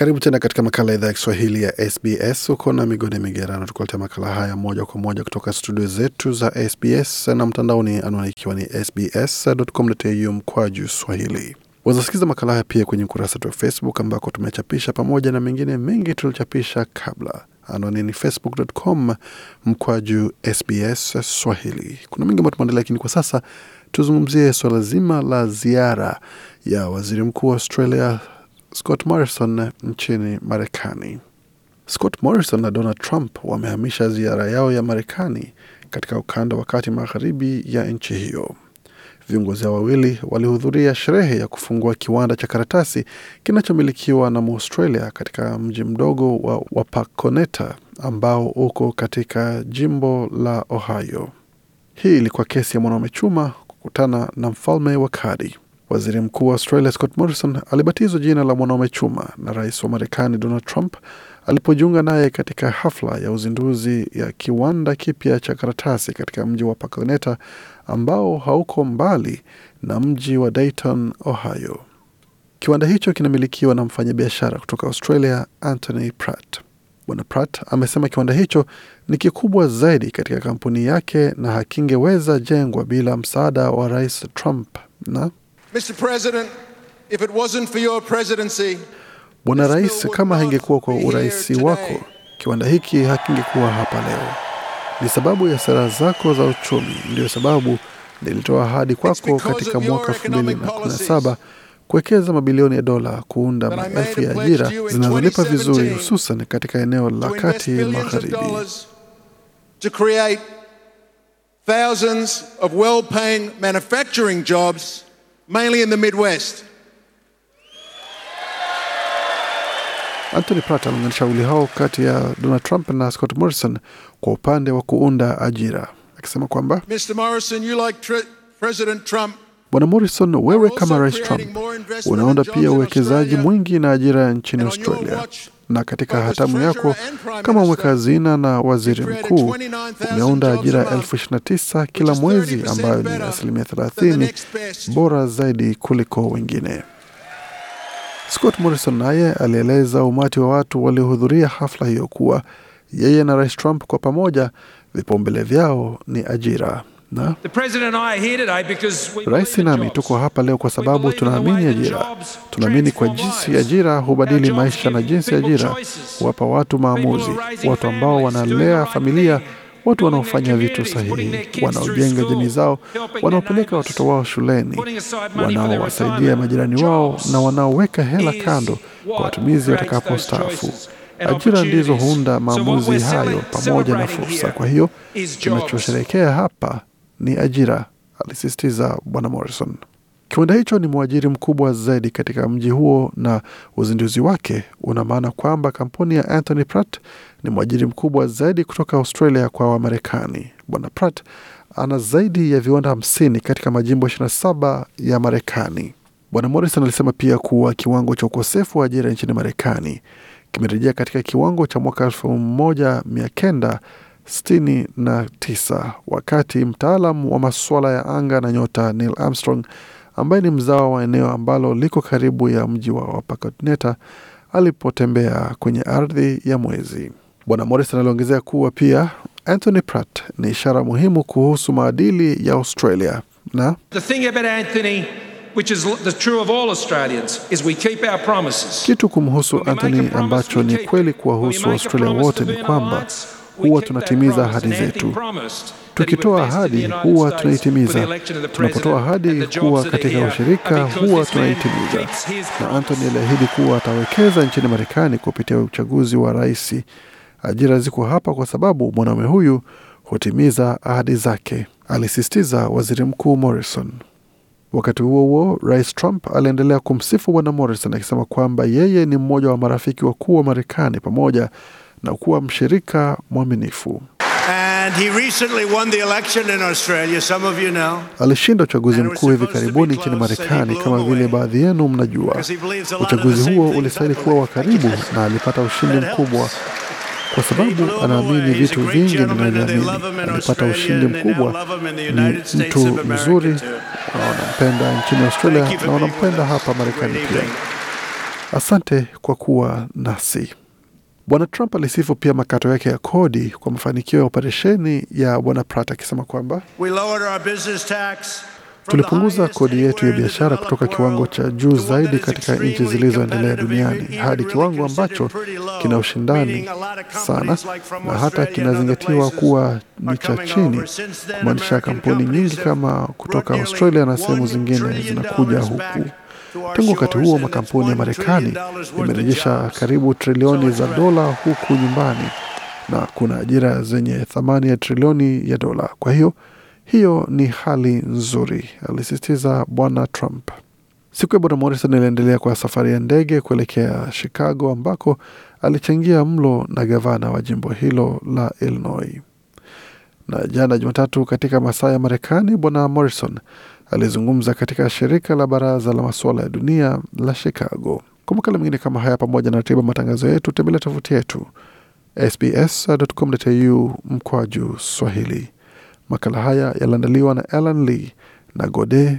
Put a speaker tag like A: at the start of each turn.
A: Karibu tena katika makala idhaa ya Kiswahili ya SBS. Uko na Migode Migerano tukuletea makala haya moja kwa moja kutoka studio zetu za SBS na mtandaoni, anwani ikiwa ni sbs.com.au mkwaju swahili. Wazasikiza makala haya pia kwenye ukurasa wetu wa Facebook ambako tumechapisha pamoja na mengine mengi tuliochapisha kabla. Anwani ni facebook.com mkwaju SBS Swahili. Kuna mengi ambayo tumeandalia, lakini kwa sasa tuzungumzie swala zima la ziara ya waziri mkuu wa Australia Scott Morrison nchini Marekani. Scott Morrison na Donald Trump wamehamisha ziara yao ya Marekani katika ukanda wa kati magharibi ya nchi hiyo. Viongozi hao wawili walihudhuria sherehe ya kufungua kiwanda cha karatasi kinachomilikiwa na maustralia katika mji mdogo wa Wapakoneta ambao uko katika jimbo la Ohio. Hii ilikuwa kesi ya mwanaume chuma kukutana na mfalme wa kadi. Waziri mkuu wa Australia Scott Morrison alibatizwa jina la mwanaume chuma na rais wa Marekani Donald Trump alipojiunga naye katika hafla ya uzinduzi ya kiwanda kipya cha karatasi katika mji wa pakoneta ambao hauko mbali na mji wa Dayton, Ohio. Kiwanda hicho kinamilikiwa na mfanyabiashara kutoka Australia Anthony Pratt. Bwana Pratt amesema kiwanda hicho ni kikubwa zaidi katika kampuni yake na hakingeweza jengwa bila msaada wa Rais Trump na Mr. President, if it wasn't for your presidency, Bwana Rais, kama haingekuwa kwa urais wako, kiwanda hiki hakingekuwa hapa leo. Ni sababu ya sera zako za uchumi, ndiyo sababu nilitoa ahadi kwako katika mwaka 2017 kuwekeza mabilioni ya dola kuunda maelfu ya ajira zinazolipa vizuri, hususan katika eneo la kati magharibi. Thousands of well-paying manufacturing jobs mainly in the Midwest. Anthony Pratt aliunganisha wawili hao kati ya Donald Trump na Scott Morrison kwa upande wa kuunda ajira, akisema kwamba Mr. Morrison, you like President Trump Bwana Morrison, wewe kama Rais Trump unaunda pia uwekezaji mwingi na ajira nchini Australia na katika hatamu yako kama mweka hazina na waziri mkuu umeunda ajira elfu 29 kila mwezi ambayo ni asilimia 30 bora zaidi kuliko wengine. Scott Morrison naye alieleza umati wa watu waliohudhuria hafla hiyo kuwa yeye na Rais Trump kwa pamoja vipaumbele vyao ni ajira. Na rais nami tuko hapa leo kwa sababu tunaamini ajira, tunaamini kwa jinsi ajira hubadili maisha na jinsi ajira huwapa watu maamuzi, watu ambao wanalea familia, watu wanaofanya vitu sahihi, wanaojenga jamii zao, wanaopeleka watoto wao shuleni, wanaowasaidia majirani wao na wanaoweka hela kando kwa watumizi watakapostaafu. Ajira ndizo huunda maamuzi hayo pamoja na fursa. Kwa hiyo kinachosherekea hapa ni ajira, alisisitiza Bwana Morrison. Kiwanda hicho ni mwajiri mkubwa zaidi katika mji huo na uzinduzi wake una maana kwamba kampuni ya Anthony Pratt ni mwajiri mkubwa zaidi kutoka Australia kwa Wamarekani. Bwana Pratt ana zaidi ya viwanda 50 katika majimbo 27 ya Marekani. Bwana Morrison alisema pia kuwa kiwango cha ukosefu wa ajira nchini Marekani kimerejea katika kiwango cha mwaka kenda 69 wakati mtaalam wa masuala ya anga na nyota Neil Armstrong ambaye ni mzawa wa eneo ambalo liko karibu ya mji wa Wapakotneta alipotembea kwenye ardhi ya mwezi. Bwana Morrison aliongezea kuwa pia Anthony Pratt ni ishara muhimu kuhusu maadili ya Australia na kitu kumhusu Anthony ambacho ni kweli kuwahusu Australia wote ni kwamba huwa tunatimiza ahadi zetu. Tukitoa ahadi huwa tunaitimiza, tunapotoa ahadi kuwa katika uh, ushirika huwa tunaitimiza. Na Anthony aliahidi kuwa atawekeza nchini Marekani kupitia uchaguzi wa rais. Ajira ziko hapa kwa sababu mwanaume huyu hutimiza ahadi zake, alisisitiza Waziri Mkuu Morrison. Wakati huo huo, rais Trump aliendelea kumsifu bwana Morrison akisema kwamba yeye ni mmoja wa marafiki wakuu wa Marekani pamoja na kuwa mshirika mwaminifu. You know, alishinda uchaguzi mkuu hivi karibuni nchini Marekani kama vile baadhi yenu mnajua. Uchaguzi huo ulistahili kuwa wa karibu, na alipata ushindi mkubwa kwa sababu anaamini vitu vingi vinavyoamini. Alipata ushindi mkubwa, ni mtu mzuri na wanampenda nchini Australia na wanampenda hapa Marekani pia. Asante kwa kuwa nasi. Bwana Trump alisifu pia makato yake ya kodi kwa mafanikio ya operesheni ya Bwana Pratt akisema kwamba tulipunguza kodi yetu ya biashara kutoka kiwango cha juu zaidi katika nchi zilizoendelea duniani hadi kiwango ambacho kina ushindani sana na hata kinazingatiwa kuwa ni cha chini, kumaanisha kampuni nyingi kama kutoka Australia na sehemu zingine zinakuja huku. Tangu wakati huo makampuni ya Marekani yamerejesha karibu trilioni za dola huku nyumbani na kuna ajira zenye thamani ya trilioni ya dola. Kwa hiyo hiyo ni hali nzuri, alisisitiza Bwana Trump. Siku ya Bwana Morrison iliendelea kwa safari ya ndege kuelekea Chicago ambako alichangia mlo na gavana wa jimbo hilo la Illinois. Na jana Jumatatu, katika masaa ya Marekani, Bwana Morrison alizungumza katika shirika la baraza la masuala ya dunia la Chicago. Kwa makala mengine kama haya, pamoja na ratiba matangazo yetu, tembelea tovuti yetu sbs.com.au mkwaju Swahili. Makala haya yaliandaliwa na Alan Lee na Gode